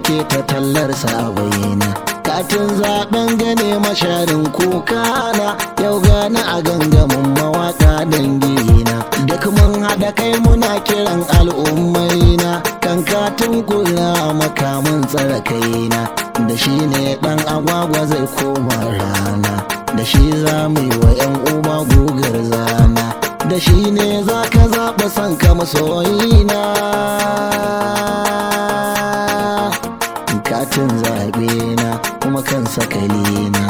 nake ta tallar sabayina katin zaben gane masharin kukana yau gani a gangamin mawaka dangina duk mun haɗa kai muna kiran al'ummaina kan katin kula makamin tsara kaina da shi ne ɗan agwagwa zai koma rana da shi za mu yi wa 'yan uba gugar zana da shi ne za ka zaɓa son ka masoyina katin zaɓe na kuma kan sakali na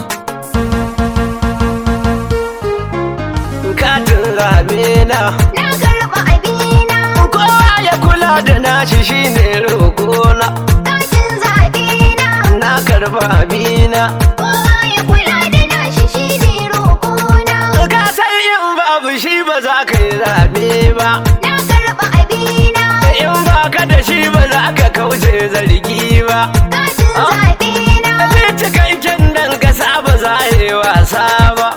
katin zaɓe na na karɓa abina kowa ya kula da nashi shine katin zaɓe na na karɓa abina kowa ya kula da nashi shi ne na ka yin babu shi ba za ka yi zaɓe ba na karɓa abina yin ba ka da shi ba za ka wuce zargi ba Zai cika ikin dan kasa ba za a yi wasa ba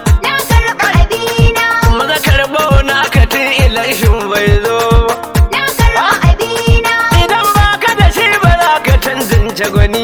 Maza karɓo na ka tun ilashin bai zo ba ah, Idan ba ka da shi ba za ka canjin gwani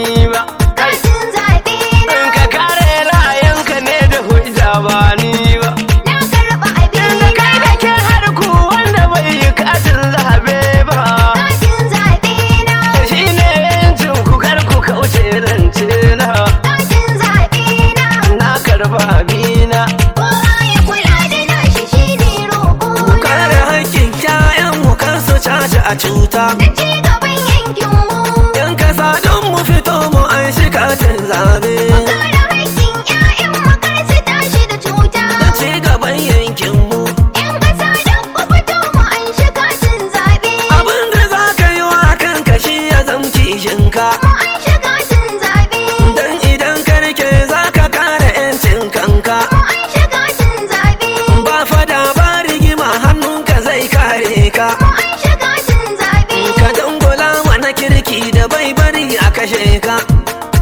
kashe ka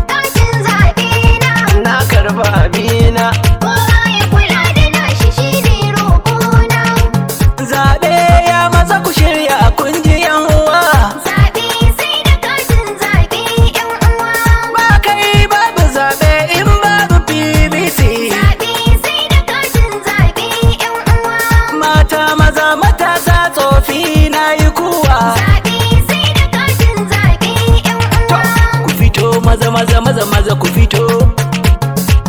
Ɗakin zaɓe na Na karba abina Kowa ya kula da nashi shi ne roƙona Zaɓe ya maza ku shirya kun ji yan uwa Zaɓe sai da katin zaɓe yan uwa Ba kai babu zaɓe in babu PBC Zaɓe sai da katin zaɓe yan uwa Mata maza matasa tsofi maza maza maza ku fito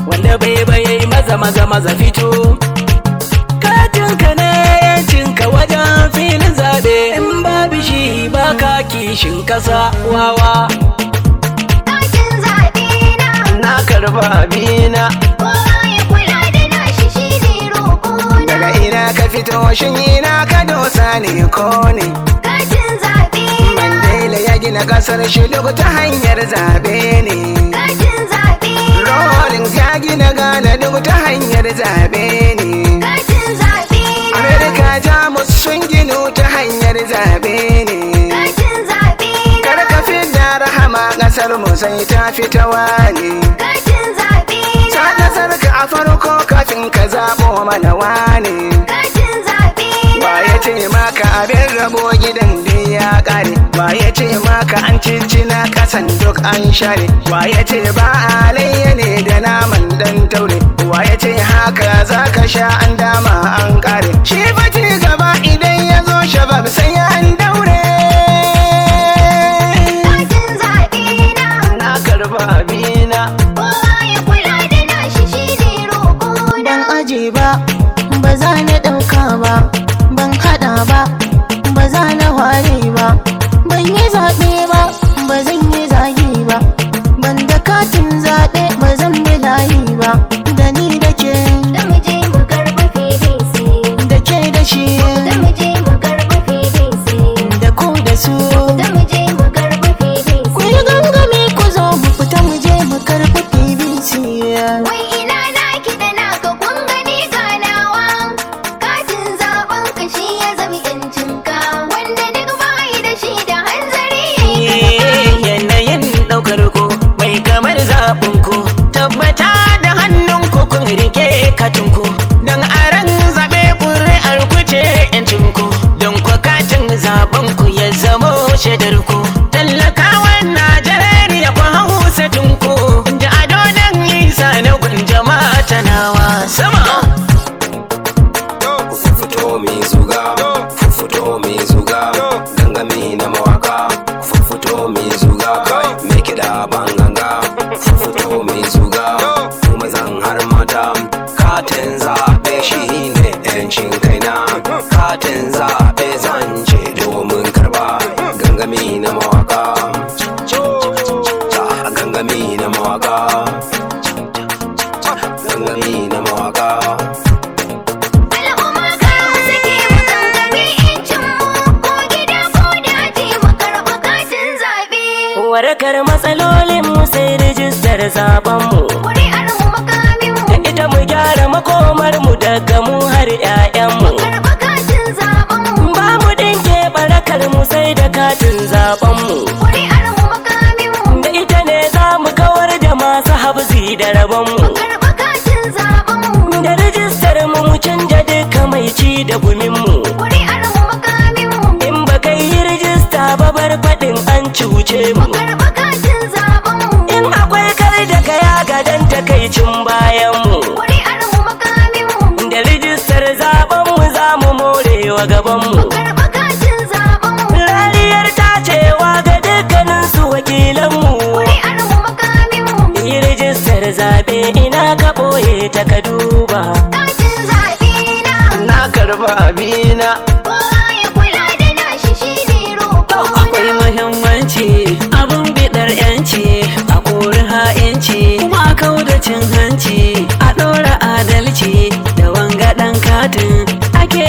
wanda bai baye maza maza maza fito katinka na yancinka wajen filin zaɓe in babu shi baka kishin kasa wawa na karba abina daga ina ka fito shin ina ka dosa ne ko ne na kasar shi duk ta hanyar zabe ne Kashin zabe Rolin zagi na gana duk ta hanyar zabe ne Kashin zabe Amerika ta sun gino ta hanyar zabe ne Kashin zabe fi da rahama kasar mu sai ta fita wani Kashin zabe Ta kasar ka a farko kafin ka zaɓo mana wani ce maka abin rabo gidan da ya kare wa ya ce maka an cincina kasan duk an share wa ya ce ba alayya ne da naman dan taure wa ya ce haka za ka sha an dama an kare shi ba gaba idan ya zo shabab sai ya tabbata da hannun kun rike katinku don aran zaɓe ƙuri'ar ku ce 'yancinku don ku katin zaɓen ku ya zamo shaidarku Rijistar matsalolin mu sai rijistar zaben mu. Kuri'ar mu Ita mu gyara makomar mu daga mu har 'ya'yanmu. mu. Karɓa katin Ba mu dinke barakar mu sai da katin zaben mu. Da ita ne za mu kawar da masu habzi da rabon mu. wa gabanmu rariyar ta cewa ga dukkanin su wakilanmu yi rijistar zaɓe ina ka ɓoye ta ka duba na karba abina akwai mahimmanci abin bidar yanci a kori ha'inci kuma a cin hanci a ɗora adalci da wanga ɗan katin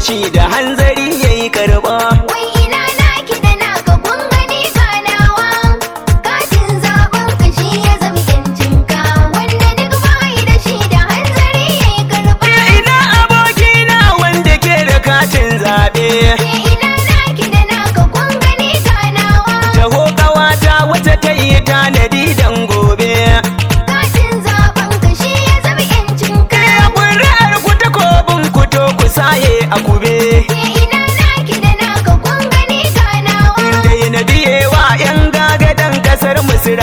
shi da hanzari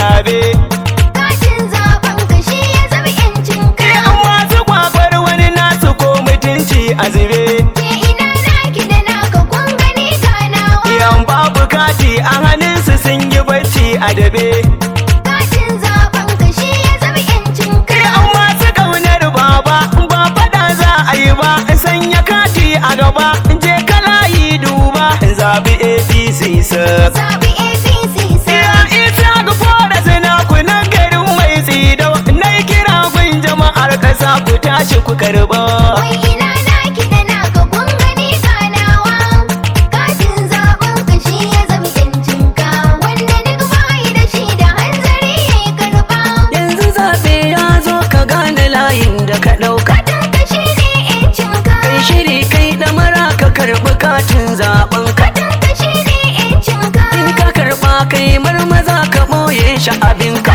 zabe Tashin zaben ka shi ya zama yancin ka Yan wasu kwakwar wani nasu ko mutunci a zube Ke ina naki da naka kun gani ga Yan babu kati a hannunsu sun yi bacci a dabe gaba je kala duba apc ƙasa ku tashi ku karba. Wai ina naki da naka kun gani ganawa, katin zaɓen ka shi ya zama yancinka, wanda duk bayi da shi da hanzari ya yi karɓa. Yanzu zaɓe ya zo ka gane layin da ka ɗauka. Katin ka ne yancinka. Kai shiri kai ɗamara ka karɓi katin zaɓen ka. Katin ka ne yancinka. In ka karɓa kai marmaza ka ɓoye shi abinka.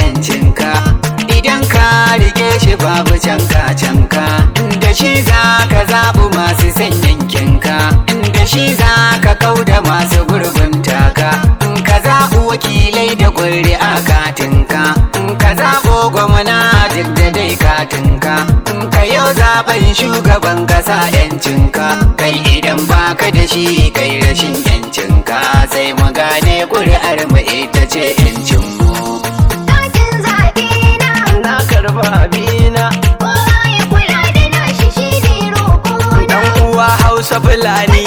ƙuri'a a katinka in ka zaɓo gwamna duk da dai katinka in ka yau zaɓen shugaban ƙasa yancinka kai idan baka da shi kai rashin yancinka sai mu gane ƙuri'ar mu ita ce yancinmu ɗakin zaɓe na na karba abina Hausa Fulani.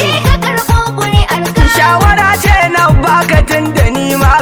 Shawara ce na baka tun da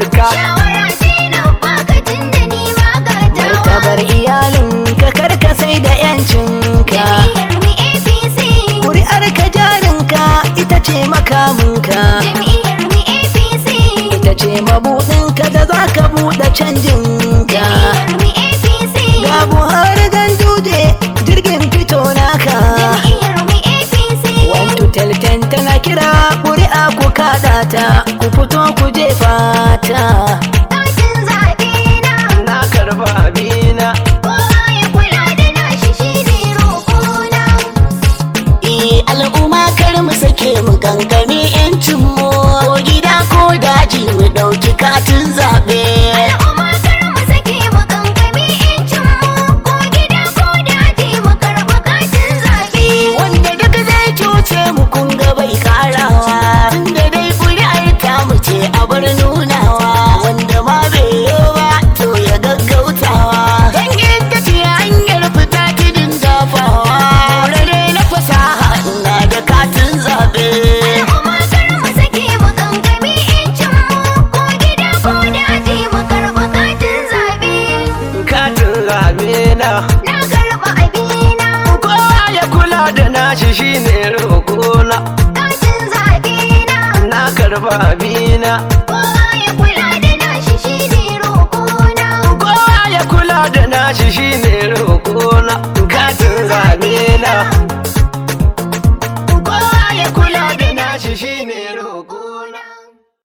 harka ka bar iyalin ka karka sai da yancin ka kuri'ar ka jarinka ka ita ce makamin ka ita ce mabudin da za ka buɗe canjin ka ga buhari dan juje jirgin fito naka Wani telten tana kira kuri'a ku kadata ta ku fito ku kutifata na na karba abina kowa ya kula da nashi shine roƙo na kacin zabi na na karba abina kowa ya kula da nashi shine roƙo na kowa ya kula da nashi shine roƙo na kacin zabi